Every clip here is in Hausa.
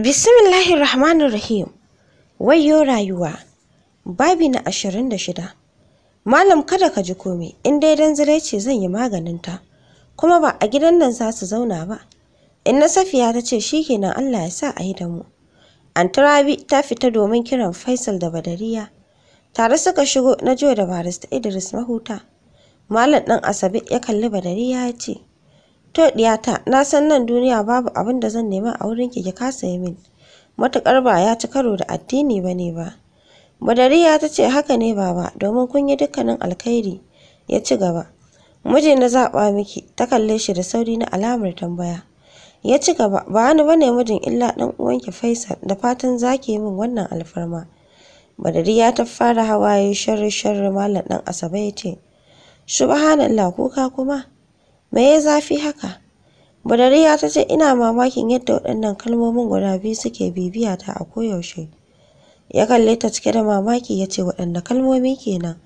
Bismillahir Rahmanir Rahim. Wayo rayuwa. Babi na 26. Malam kada ka ji komai, in dai dan zire ce zan yi maganin ta. Kuma ba a gidan nan za su zauna ba. Inna Safiya ta ce shikenan Allah ya sa a yi da mu. Antarabi ta fita domin kiran Faisal da Badariya. Tare suka shigo na jiya da Barista Idris Mahuta. Malam ɗan Asabe ya kalli Badariya ya ce, To ɗiyata, na san nan duniya babu abin da zan nema a wurin ki kasa yi min, matuƙar ba ya ci karo da addini ba ne ba. Badariya ta ce haka ne baba, domin kun yi dukkanin alkhairi, ya ci gaba. Miji na zaɓa miki, ta kalle shi da sauri na alamar tambaya. Ya ci gaba, ba wani bane mijin illa ɗan uwanki Faisal, da fatan za ki yi min wannan alfarma. Badariya ta fara hawaye sharri-sharri malam ɗan Asabe ya ce, Subhanallah kuka kuma. Me ya zafi haka? Badariya ta ce ina mamakin yadda waɗannan kalmomin guda biyu suke bibiya ta a koyaushe. Ya kalle ta cike da mamaki ya ce waɗanda kalmomi kenan.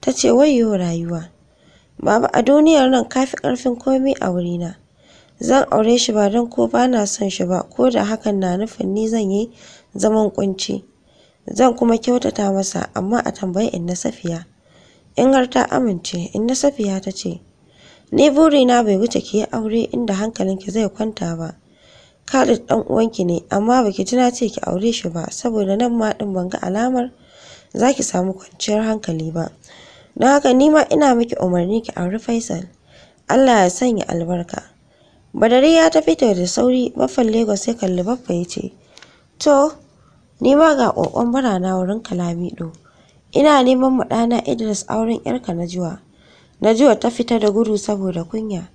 Ta ce wayo rayuwa. Baba a duniyar nan ka fi ƙarfin komai a wurina. Zan aure shi ba don ko ba na son shi ba ko da hakan na nufin ni zan yi zaman kunci. Zan kuma kyautata masa amma a tambayi in na safiya. In har ta amince in na safiya ta ce. Ni burina bai wuce ki yi aure inda hankalinki zai kwanta ba. Khalid ɗan uwanki ne amma baki ji na ce ki aure shi ba saboda nan ma ɗin ban ga alamar zaki samu kwanciyar hankali ba. Don haka ni ma ina miki umarni ki auri Faisal. Allah ya sanya albarka. Badari ya ta fito da sauri baffan Lagos ya kalli baffa ya To, ni ma ga ƙoƙon barana wurin Kalamido. Ina neman mu ɗana Idris auren 'yarka na juwa. Najwa ta fita da gudu saboda kunya.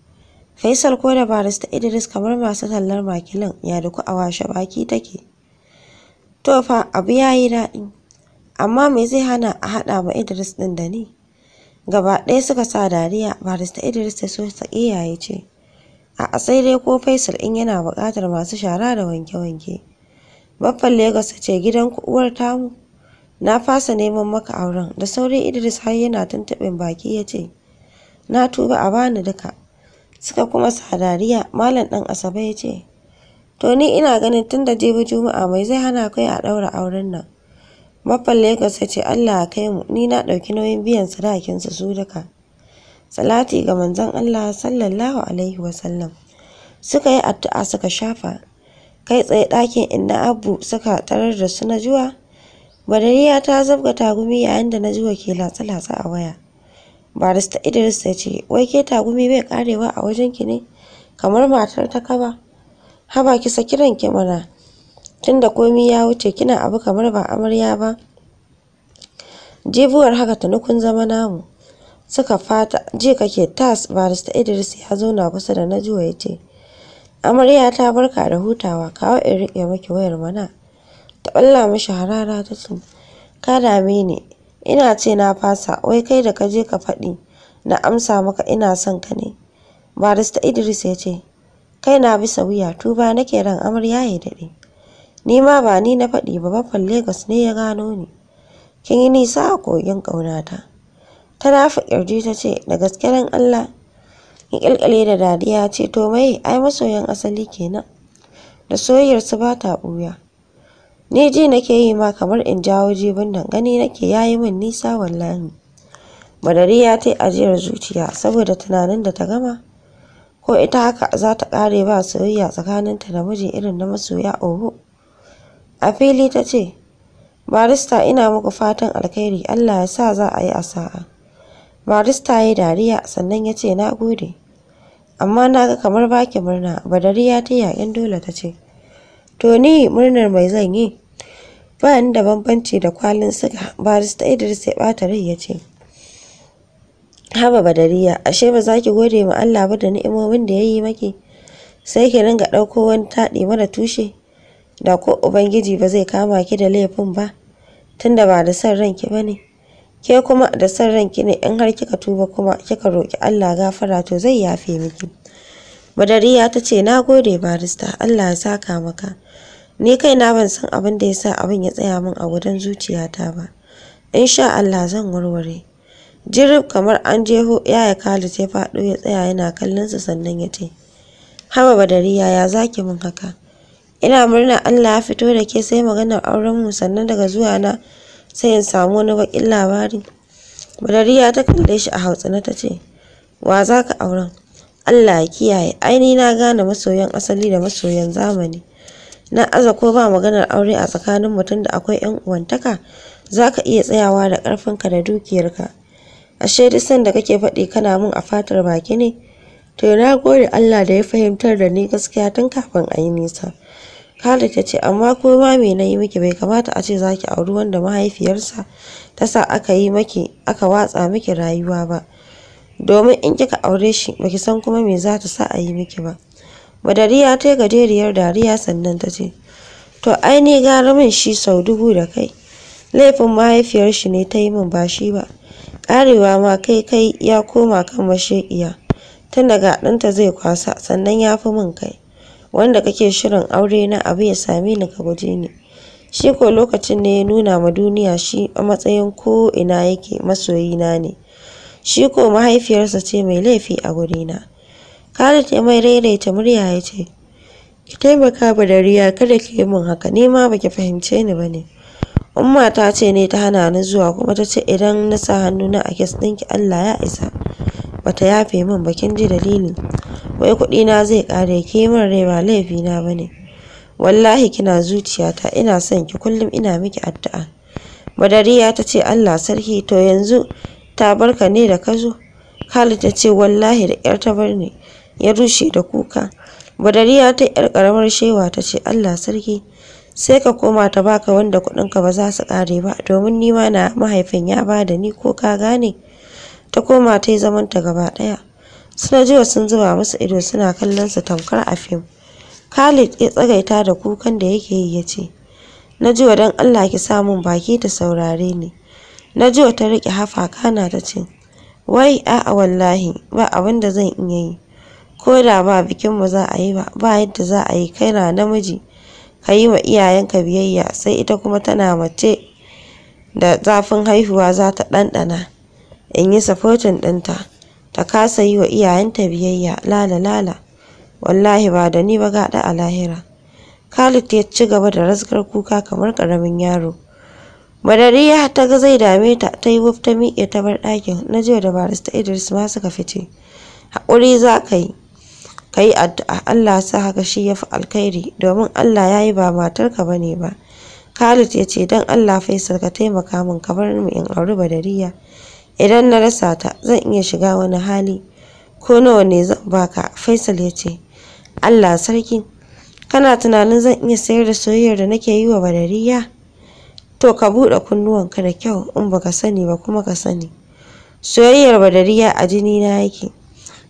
Faisal ko da barista Idris kamar masu tallar makilin ya duku a washe baki take. To fa abu yayi daɗi. Amma me zai hana a haɗa ma Idris ɗin da ni? Gaba ɗaya suka sa dariya barista Idris ta so ta iyaye ce. A'a sai dai ko Faisal in yana buƙatar masu shara da wanke-wanke. Babban Legas ce gidan ku uwar tamu. Na fasa neman maka auren da sauri Idris har yana tuntuɓin baki ya ce, na tuba a bani duka suka kuma sa dariya malam ɗan asabe ya ce to ni ina ganin tun da jibi juma'a mai zai hana kai a ɗaura auren nan mafan lagos ya ce allah ya kai mu ni na ɗauki nauyin biyan sadakinsu su duka salati ga manzon allah sallallahu alaihi wasallam suka yi addu'a suka shafa kai tsaye ɗakin inna abu suka tarar da su na juwa badariya ta zabga tagumi yayin da na juwa ke latsa-latsa a waya barista idris ya ce wai ke tagumi bai karewa a wajen ki ne kamar matar ta kaba haba ki kiran ki mana tunda komi ya wuce kina abu kamar ba amarya ba jibuwar haka nukun zama namu suka fata ji kake tas barista idris ya zauna kusa da najuwa ya ce amarya ta barka da hutawa kawo in riƙe maki wayar mana ta ɓalla mishi harara ta ce ka dame ni ina ce na fasa wai kai da ka je ka faɗi na amsa maka ina son ka ne barista idris ya ce kai na bisa wuya tuba nake ran amarya ya daɗe ni ma ba ni na faɗi ba baffan Legas ne ya gano ni kin yi nisa a kogin ƙaunata ta nafi ƙirji ta ce da gaske ran allah ya ƙilƙale da dadiya ce to mai ai masoyan asali kenan da soyayyarsu ba ta ɓuya ni ji nake yi ma kamar in jawo jibin nan gani nake yayi min nisa wallahi ya ta ajiyar zuciya saboda tunanin da ta gama ko ita haka za ta kare ba soyayya tsakaninta da miji irin na masoya oho a fili ta ce barista ina muku fatan alkhairi allah ya sa za a yi asa'a. barista ya dariya sannan ya ce na gode amma na ga kamar baki murna badariya ta yaƙin dole ta ce To ni murnar mai zan yi? Ba ni da bambanci da kwalin siga, barista Idris ya ɓata rai ya ce. Haba badariya, ashe ba za ki gode ma Allah ba da ni'imomin da ya yi maki, sai ki ringa ɗauko wani taɗi mara tushe, da ko Ubangiji ba zai kama ki da laifin ba, tunda ba da san ranki ba ne. Ke kuma da san ranki ne in har kika tuba kuma kika roƙi Allah gafara to zai yafe miki. Badariya ta ce na gode barista Allah ya saka maka. Ni kai na ban san abin da ya sa abin ya tsaya min a gudan zuciyata ba. in sha Allah zan warware. Jirib kamar an jeho yaya Kalu ya faɗo ya tsaya yana kallon sa sannan ya ce Haba Badariya ya zaki min haka. Ina murna Allah ya fito da ke sai maganar auren mu sannan daga zuwa na sai in samu wani bakin labari. Badariya ta kalle shi a hautsina ta ce, Wa za ka auren? Allah ya kiyaye aini na gane masoyan asali da masoyan zamani na aza ko ba maganar aure a tsakanin mutum da akwai yan uwantaka zaka iya tsayawa da ƙarfinka da dukiyarka ashe duk sanda kake faɗi kana mun a fatar baki ne to na gode Allah da ya fahimtar da ni gaskiya tun kafin a yi nisa Khalid ta ce amma ko ma me na yi miki bai kamata a ce zaki auri wanda mahaifiyarsa ta sa aka yi miki aka watsa miki rayuwa ba domin in kika aure shi baki san kuma me za ta sa a yi miki ba madariya ta gajeriyar dariya sannan ta ce to ai ni gara min shi sau dubu da kai laifin mahaifiyar shi ne ta yi min ba shi ba karewa ma kai kai ya koma kan mashekiya tun daga ɗanta zai kwasa sannan ya fi min kai wanda kake shirin aure na abu ya sami ni ka guje ni shi ko lokacin ne ya nuna ma duniya shi a matsayin ko ina yake masoyina ne shi ko mahaifiyarsa ce mai laifi a gurina Khalid ya mai ta murya ya ce ki taimaka ba da riya kada ki yi min haka ni ma baki fahimce ni ba ne umma ta ce ne ta hana ni zuwa kuma ta ce idan na sa hannuna a kes ɗinki Allah ya isa bata yafe min bakin ji dalili wai kuɗi na zai ƙare ki min rai ba laifi na ne? wallahi kina zuciyata ina son ki kullum ina miki addu'a Badariya ta ce Allah sarki to yanzu ta barka ne da ka zo Khalid ta ce wallahi da 'yar ta bar ni ya rushe da kuka Badariya ta 'yar karamar shewa ta ce Allah sarki sai ka koma ta baka wanda kuɗinka ba za su kare ba domin ni ma na mahaifin ya ba da ni ko ka gane ta koma ta yi zaman ta gaba ɗaya suna jiwa sun zuba musu ido suna kallon su tamkar a fim Khalid ya tsagaita da kukan da yake yi ya ce na ji don Allah ki samun baki ta saurare ni na Najwa ta riƙe hafaka na ta ce, Wai a'a wallahi ba abin da zan iya yi, ko da ba bikinmu za a yi ba, ba yadda za a yi kai na namiji, ka yi wa iyayenka biyayya sai ita kuma tana mace da zafin haihuwa za ta ɗanɗana, in yi safotin ɗinta, ta kasa yi wa iyayenta biyayya lala lala, wallahi ba da ni ba gaɗa a lahira. Khalid ya ci gaba da rasgar kuka kamar ƙaramin yaro. madariya ta ga zai dame ta ta yi wufta miƙe ta bar ɗakin na jiya da barista idris ma suka fice haƙuri za ka yi ka yi addu'a allah sa haka shi ya fi alkhairi domin allah ya yi ba matarka ba ne ba khalid ya ce don allah faisal ka taimaka min ka bar mu in auri badariya idan na rasa ta zan iya shiga wani hali ko nawa ne zan baka faisal ya ce allah sarki kana tunanin zan iya sayar da soyayyar da nake yi wa badariya to ka buɗe kunnuwanka da kyau in baka sani ba kuma ka sani soyayyar badariya a jini na yake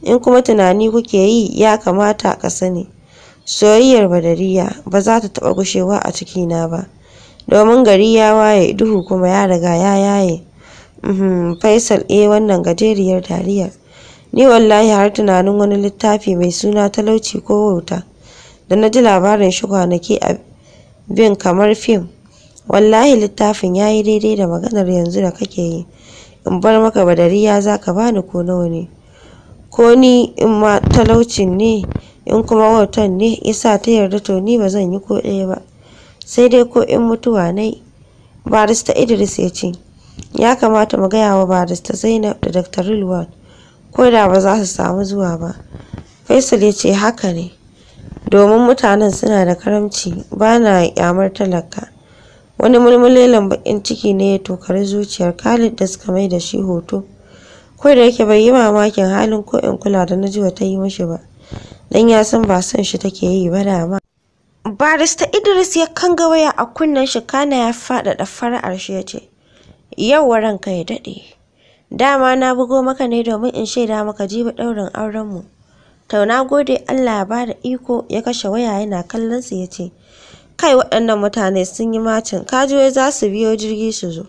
in kuma tunani kuke yi ya kamata ka sani soyayyar badariya ba za ta taɓa gushewa a cikina ba domin gari ya waye duhu kuma ya riga ya yaye uhm, faisal eh wannan gajeriyar dariyar ni wallahi har tunanin wani littafi mai suna talauci ko wauta da na ji labarin shi kwanaki a bin kamar fim wallahi littafin ya yi daidai da maganar yanzu da kake yi in bar maka badariya za ka bani ko nawa ne ko ni in ma talaucin ne in kuma wautan ne yasa ta yarda to ni ba zan yi ko ɗaya ba sai dai ko in mutuwa nai barista idris ya ce ya kamata mu gaya wa barista zainab da dr rilwan ko da ba za su samu zuwa ba faisal ya ce haka ne domin mutanen suna da karamci ba na kyamar talaka Wani mulmulelen baƙin ciki ne ya tokari zuciyar Khalid da suka mai da shi hoto. Ko da yake bai yi mamakin halin ko in kula da Najwa ta yi mashi ba, don ya san ba son shi take yi ba dama. Barista Idris ya kanga waya a kunnen shi kana ya da fara'ar shi ya ce, Yauwa ranka ya dade? Dama na bugo maka ne domin in shaida maka jibi ɗaurin aurenmu. Tauna gode Allah ya bada iko ya kashe waya yana kallon su ya ce, kai waɗannan mutane sun yi macin kajuwai za su biyo jirgi su zo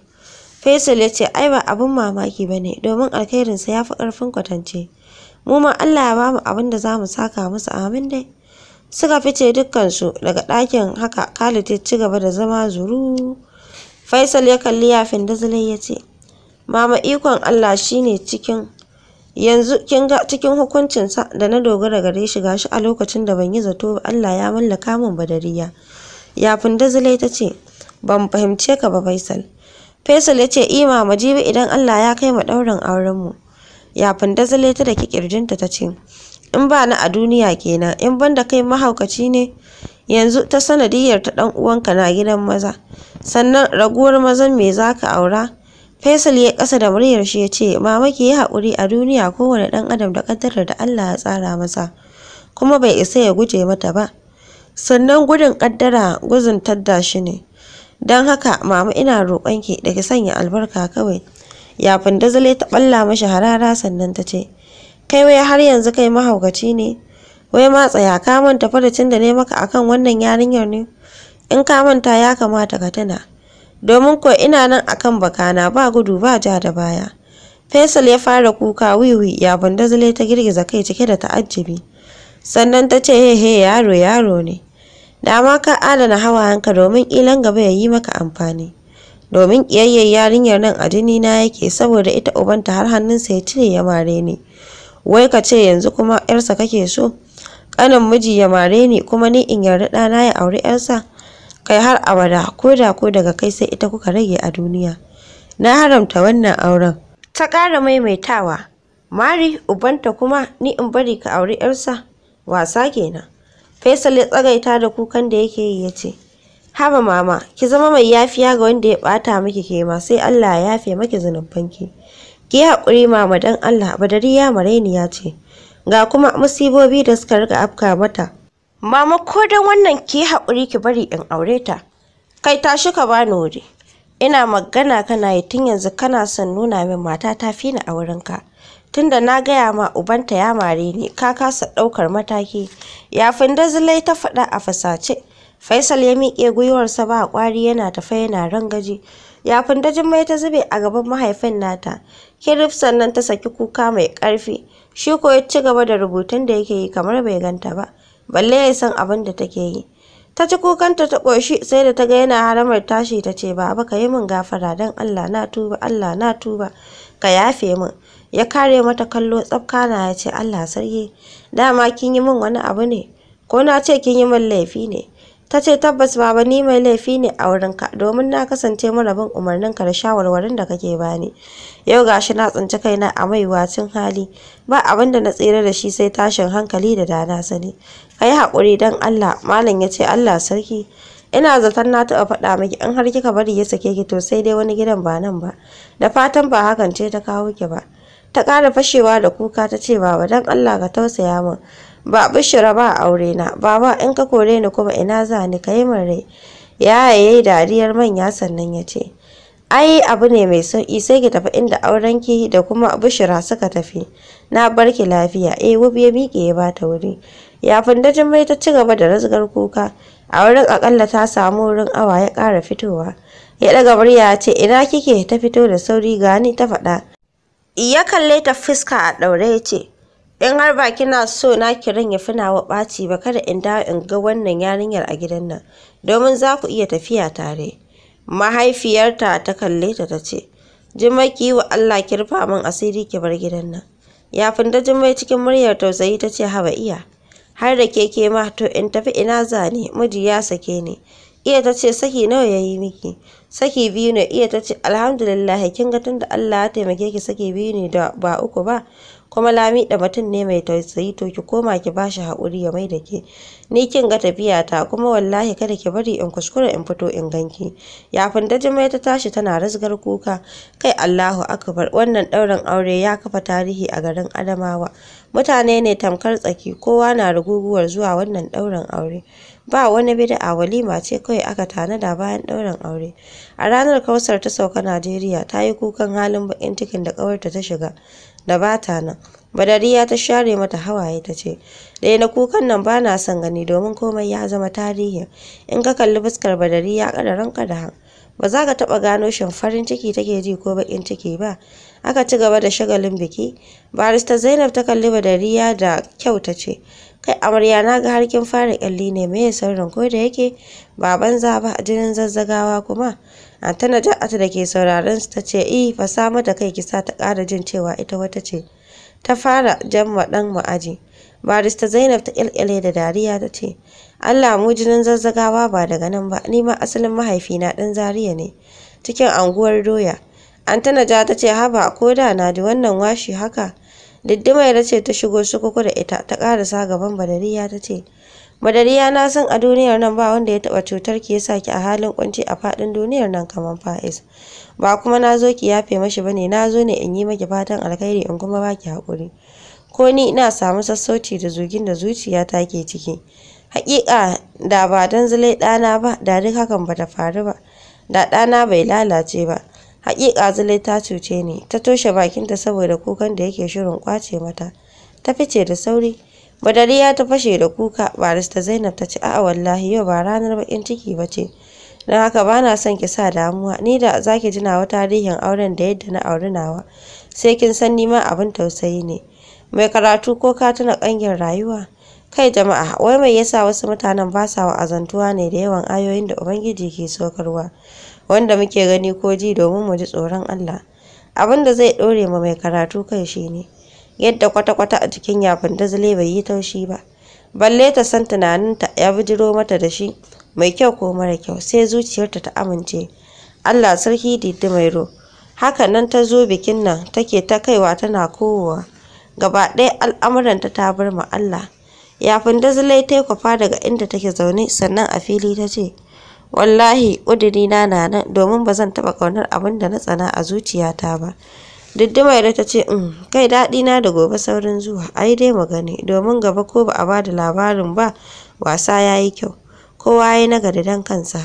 faisal ya ce ai ba abin mamaki ba ne domin alkhairinsa ya fi ƙarfin kwatance mu ma allah ya bamu abin da za mu saka musu amin dai suka fice dukkansu daga ɗakin haka khalid ya ci gaba da zama zuru faisal ya kalli yafin dazilai ya ce mama ikon allah shine cikin yanzu kin ga cikin hukuncinsa da na dogara gare shi gashi a lokacin da ban yi zato ba allah ya mallaka min badariya yafin dazile ta ce ban fahimce ka ba faisal faisal ya ce ima majibi idan allah ya kai ma ɗaurin aurenmu yafin dazile ta da kirjinta ta ce in ba na a duniya kenan in banda kai mahaukaci ne yanzu ta sanadiyar ta ɗan uwanka na gidan maza sannan raguwar mazan me za ka aura Faisal ya ƙasa da muryar shi ya ce, Mama ki yi haƙuri a duniya kowane ɗan adam da ƙaddarar da Allah ya tsara masa, kuma bai isa ya guje mata ba. sannan gudun ƙaddara guzun tadda shi ne don haka mama ina roƙonki da ki sanya albarka kawai yafin zale ta ɓalla mashi harara sannan ta ce kai wai har yanzu kai mahaukaci ne wai ma tsaya ka manta farcin da ne maka akan wannan yarinyar ne in ka manta ya kamata ka tuna domin ko ina nan akan bakana ba gudu ba ja da baya Faisal ya fara kuka wiwi yafin zale ta girgiza kai cike da ta'ajjibi sannan ta ce he he yaro yaro ne dama ka adana hawayenka domin ilan gaba ya yi maka amfani domin ƙiyayyar yarinyar nan a jini na yake saboda ita ubanta har hannunsa ya cire ya mare ni wai ka ce yanzu kuma yarsa kake so ƙanin miji ya mare ni kuma ni in yarda ɗana ya auri yarsa kai har abada ko da ko daga kai sai ita kuka rage a duniya na haramta wannan auren ta ƙara maimaitawa mari ubanta kuma ni in bari ka auri yarsa wasa kenan Faisal ya tsagaita da kukan da yake yi ya ce, Haba mama, ki zama mai yafiya ga wanda ya ɓata miki ke ma sai Allah ya yafe maki zunubanki. Ki haƙuri mama don Allah, ya badariya ya ce. Ga kuma musibobi da suka riga afka mata. Mama ko don wannan ki haƙuri ki bari in aure ta. Kai tashi ka bani wuri. Ina magana kana yi tun yanzu kana son nuna min mata ta fi ni a wurinka. tunda na gaya ma ubanta ya mare ni ka kasa ɗaukar mataki yafin dazilai ta faɗa a fasace faisal ya miƙe gwiwarsa ba ƙwari yana tafa yana rangaji yafin dajin mai ta zube a gaban mahaifin nata kirif sannan ta saki kuka mai ƙarfi shi ko ya ci gaba da rubutun da yake yi kamar bai ganta ba balle ya san abin da take yi ta ci kukanta ta ƙoshi sai da ta ga yana haramar tashi ta ce baba ka yi min gafara don allah na tuba allah na tuba ka yafe min ya kare mata kallo tsafkana ya ce Allah sarki dama kin yi min wani abu ne ko na ce kin yi min laifi ne ta ce tabbas baba ni mai laifi ne a wurinka domin na kasance marabin umarninka da shawarwarin da kake bani yau gashi na tsinci kaina a mai maiwacin hali ba abin da na tsira da shi sai tashin hankali da dana sani kai haƙuri don Allah malam ya ce Allah sarki ina zaton na taɓa faɗa miki in har kika bari ya sake ki to sai dai wani gidan ba nan ba da fatan ba hakan ce ta kawo ki ba ta ƙara fashewa da kuka ta ce baba don Allah ka tausaya min ba bishira ba aure na baba in ka kore ni kuma ina za ni ka yi min rai ya yayi dariyar manya sannan ya ce ai abu ne mai sauki sai ki tafi inda aurenki da kuma bishira suka tafi na barki lafiya eh wubi ya miƙe ya bata wuri ya fundajin mai ta ci gaba da rasgar kuka a wurin akalla ta samu wurin awa ya ƙara fitowa ya ɗaga murya ya ce ina kike ta fito da sauri gani ta faɗa ya kalle ta fuska a ɗaure ya ce in har ba kina so na kiran ya fina nawa ɓaci ba kada in dawo in ga wannan yarinyar a gidan nan domin za ku iya tafiya tare mahaifiyarta ta kalle ta ta ce jimaki wa Allah kirfa rufa min asiri ki bar gidan nan Yafin funda jimai cikin muryar tausayi ta ce hawa iya har da keke ma to in tafi ina zane miji ya sake ni iya ta ce saki nawa ya yi miki saki biyu ne iya ta ce alhamdulillah kin ga tunda Allah ya taimake ki saki biyu ne da ba uku ba kuma lami da mutum ne mai tausayi to ki koma ki bashi haƙuri ya mai da ke ni kin ga tafiya ta kuma wallahi kada ki bari in kuskura in fito in ganki yafin da jimai ta tashi tana rasgar kuka kai Allahu akbar wannan ɗaurin aure ya kafa tarihi a garin Adamawa mutane ne tamkar tsaki kowa na ruguguwar zuwa wannan ɗaurin aure ba wani bid'a walima ce kawai aka tanada bayan ɗaurin aure a ranar kausar ta sauka najeriya ta yi kukan halin bakin cikin da kawarta ta shiga da ba ta nan badariya ta share mata hawaye ta ce ɗaya na kukan nan ba na son gani domin komai ya zama tarihi in ka kalli fuskar badariya kada ranka da han ba za ka taɓa gano shin farin ciki take ji ko bakin ciki ba aka ci gaba da shagalin biki barista zainab ta kalli badariya da kyau ta ce kai amarya na ga har kin fara kalli ne me ya sauran ko da yake ba banza ba a jinin zazzagawa kuma antana ja'atu da ke sauraron su tace ce i fa samu da kai kisa ta ƙara jin cewa ita wata ce ta fara jamma dan ma'aji barista zainab ta kilkile da dariya ta ce allah mu jinin zazzagawa ba daga nan ba ni ma asalin mahaifina dan zaria ne cikin anguwar doya antana ja ta ce haba ko da na ji wannan washi haka ya ce ta shigo sukuku da ita ta karasa gaban Badariya ta ce, Badariya na san a duniyar nan ba wanda ya taba cutar ki yasa ki a halin kunci a faɗin duniyar nan kamar Faiz. Ba kuma na zo ki yafe mashi bane na zo ne in yi maki fatan alkhairi in kuma baki haƙuri. Ko ni ina samu sassauci da zugin da zuciya ta ke ciki. Haƙiƙa da ba dan zulai ɗana ba da duk hakan bata faru ba. Da ɗana bai lalace ba. Haƙiƙa Zulai ta cuce ni, ta toshe bakinta saboda kukan da yake shirin kwace mata. Ta fice da sauri. Badariya ta fashe da kuka, barista Zainab ta ce, a'a wallahi yau ba ranar bakin ciki ba ce. Don haka ba na son ki sa damuwa, ni da za ki ji nawa tarihin auren da yadda na auri nawa. Sai kin san ni ma abin tausayi ne. Mai karatu ko ka tuna ƙangin rayuwa? Kai jama'a, wai mai yasa wasu mutanen ba sa azantuwa ne da yawan ayoyin da Ubangiji ke sokarwa. wanda muke gani ko ji domin mu ji tsoron Allah abin da zai dore ma mai karatu kai shine yadda kwata-kwata a cikin yafin zule bai yi taushi ba balle ta san tunaninta ya bijiro mata da shi mai kyau ko mara kyau sai zuciyarta ta amince Allah sarki Diddi Mairo haka nan ta zo bikin nan take ta kaiwa tana kowa gaba ɗaya al'amuran ta ta bar mu Allah yafin zule ta kwafa daga inda take zaune sannan a fili ta ce wallahi ƙudurina na nan domin ba zan taɓa ƙaunar abin da na tsana a zuciyata ba diddima ya ta ce in, mm, kai na da gobe saurin zuwa ai dai magani, domin gaba ko ba a ba da labarin ba wasa ya yi kyau kowa ya yi nagari don kansa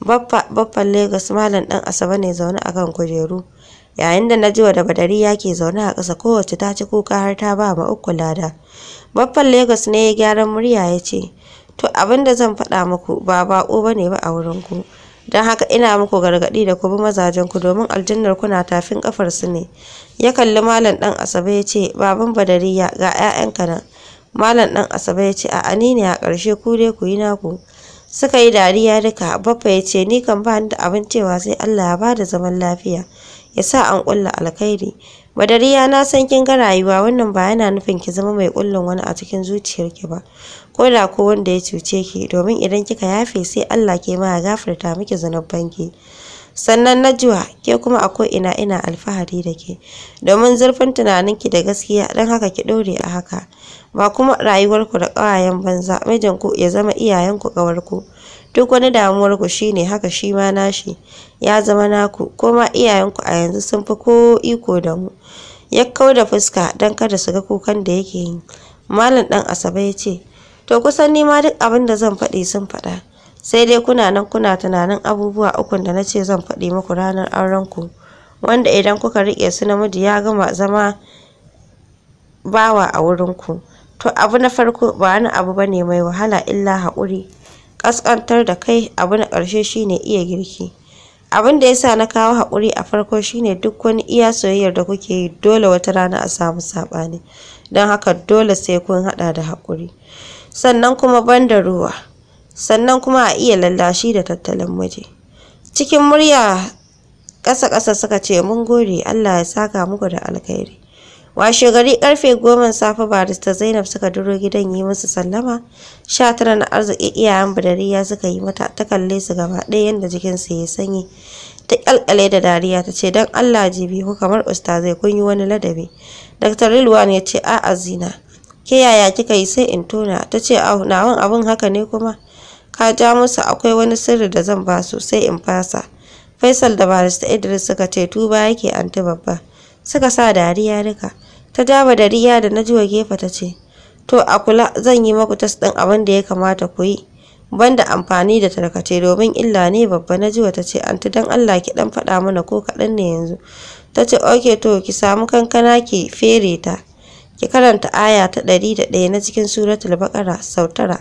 baffa baffan lagos malam ɗan asabe ne zaune a kan kujeru yayin da na ji da ya ke zaune a ƙasa kowace ta ci kuka har ta ba ma uku lada baffan lagos ne ya gyaran murya ya ce to abin da zan faɗa muku ba baƙo ba ne ba a wurinku, don haka ina muku gargaɗi da ku bi mazajenku domin aljannar kuna tafin ƙafar su ne ya kalli malam ɗan asabe ya ce baban badariya ga 'ya'yanka nan malam ɗan asabe ya ce a'a ni ne a ƙarshe ku dai ku yi naku suka yi dariya duka baffa ya ce ni kan ba ni da abin cewa sai allah ya ba da zaman lafiya ya sa an ƙulla alkhairi Badariya na san kin ga rayuwa wannan ba yana nufin ki zama mai kullun wani a cikin zuciyarki ba. Ko da ko wanda ya cuce ki domin idan kika yafe sai Allah ke ma gafarta miki ki. Sannan Najwa ke kuma a ko ina ina alfahari da ke domin zurfin tunanin ki da gaskiya dan haka ki dore a haka. Ba kuma rayuwarku da ƙawayen banza mijinku ya zama iyayenku ƙawarku. duk wani damuwar ku shine haka shi ma nashi ya zama naku kuma iyayenku a yanzu sun fi ko iko da mu ya kau da fuska don kada su ga kukan da yake yi malam dan asabe ya ce to kusan ni ma duk abin da zan faɗi sun faɗa sai dai kuna nan kuna tunanin abubuwa ukun da na ce zan faɗi muku ranar aurenku wanda idan kuka riƙe su namiji ya gama zama bawa a wurinku to abu na farko ba wani abu bane mai wahala illa haƙuri ƙasƙantar da kai abu na ƙarshe shine iya girki abin da yasa na kawo haƙuri a farko shine duk wani iya soyayyar da kuke yi dole wata rana a samu saɓani don haka dole sai kun haɗa da haƙuri sannan kuma ban da ruwa sannan kuma a iya lallashi da tattalin miji cikin murya ƙasa-ƙasa suka ce mun gode Allah ya saka muku da alkhairi washe gari karfe goma safe barista zainab suka duro gidan yi musu sallama sha tara na arziki iyayen ya suka yi mata ta kalle su gaba ɗaya yadda jikinsu ya sanyi ta kyalkyale da dariya ta ce don allah jibi ko kamar ustazai kun yi wani ladabi dr rilwan ya ce a'a zina ke yaya kika yi sai in tona ta ce nawan abun haka ne kuma ka ja musu akwai wani sirri da zan ba su sai in fasa faisal da barista idris suka ce tuba yake anti babba suka sa dariya duka ta daba dariya da na juwa gefe ta ce to a kula zan yi maku tas ɗin abin da ya kamata ku yi banda amfani da tarkace domin illa ne babba na jiwa ta ce anti dan Allah ki dan faɗa mana ko kaɗan ne yanzu ta ce oke to ki samu kankana ki fere ta ki karanta aya ta ɗari da ɗaya na cikin suratul baqara sau tara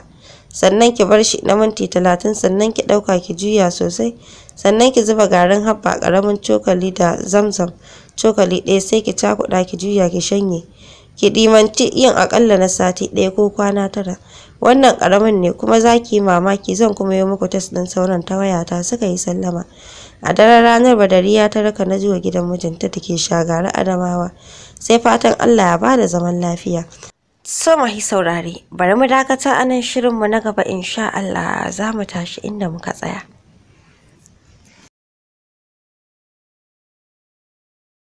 sannan ki bar shi na minti talatin sannan ki ɗauka ki juya sosai sannan ki zuba garin habba ƙaramin cokali da zamzam cokali ɗaya sai ki cakuɗa ki juya ki shanye ki dimanci yin akalla na sati ɗaya ko kwana tara wannan ƙaramin ne kuma za ki mamaki zan kuma yi muku test ɗin sauran ta wayata suka yi sallama a daren ranar badariya ta raka na zuwa gidan mijinta da ke shagari adamawa sai fatan allah ya bada zaman lafiya so mahi saurare bari mu dakata anan shirinmu na gaba insha allah za mu tashi inda muka tsaya